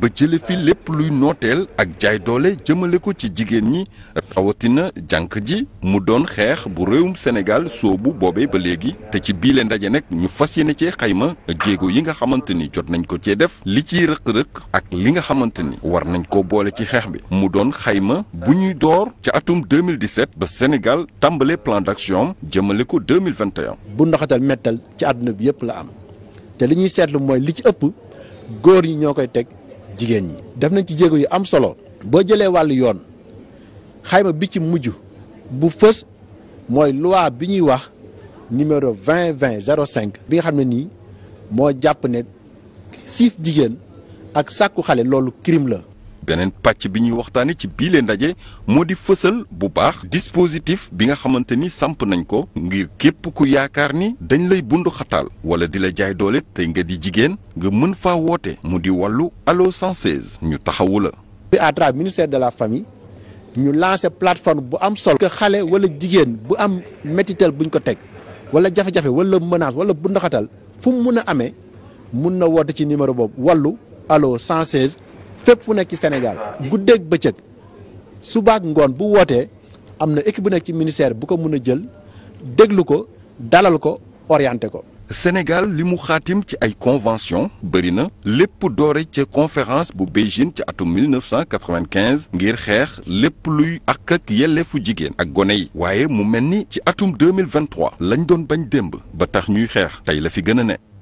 ba jële lépp luy nooteel ak jaay doole jëmale ko ci jigéen ñi rawatina jànq ji mu doon xeex bu réewum Sénégal bu boobee ba léegi te ci biile ndaje nag ñu fas yéene cee xayma jéego yi nga xamante ni jot nañ ko cee def li ciy rëq-rëq ak li nga xamante ni war nañ ko boole ci xeex bi mu doon xayma bu ñuy door ca atum 2017 ba Sénégal tàmbale plan d'action jëmale ko 2021. bu ndoxatal mettal ci àdduna bi yëpp la am te li ñuy seetlu mooy li ci ëpp góor yi ñoo koy teg. jigéen ñi def nañ ci jéego yu am solo boo jëlee wàllu yoon xayma bi ci mujj bu fës mooy loi bi ñuy wax numéro 20 20 05 bi nga xam ne nii moo jàpp ne siif jigéen ak sàkku xale loolu kirim la beneen pàcc bi ñuy waxtaanee ci biile ndaje moo di fësal bu baax dispositif bi nga xamante ni samp nañ ko ngir képp ku yaakaar ni dañ lay bundu xataal wala di la jaay doole tey nga di jigéen nga mën faa woote mu di wallu allo 116 ñu taxawula la. à travers ministère de la famille ñu lancé plateforme bu am solo. que xale wala jigéen bu am métital buñ ko teg wala jafe-jafe wala menace wala bundu xataal fu mu mun a amee mun na woote ci numéro boobu wàllu allo 116. fépp fu nekk ci Sénégal guddeeg bëccëg subaak ngoon bu wootee am na équipe bu nekk ci ministère bu ko mën a jël déglu ko dalal ko orienté ko. Sénégal li mu xaatim ci ay convention bëri na lépp doore ca conférence bu Beijing ci atum 1995 ngir xeex lépp luy ak ak yelleefu jigéen ak gone yi waaye mu mel ni ci atum 2023 lañ doon bañ démb ba tax ñuy xeex tey la fi gën a ne.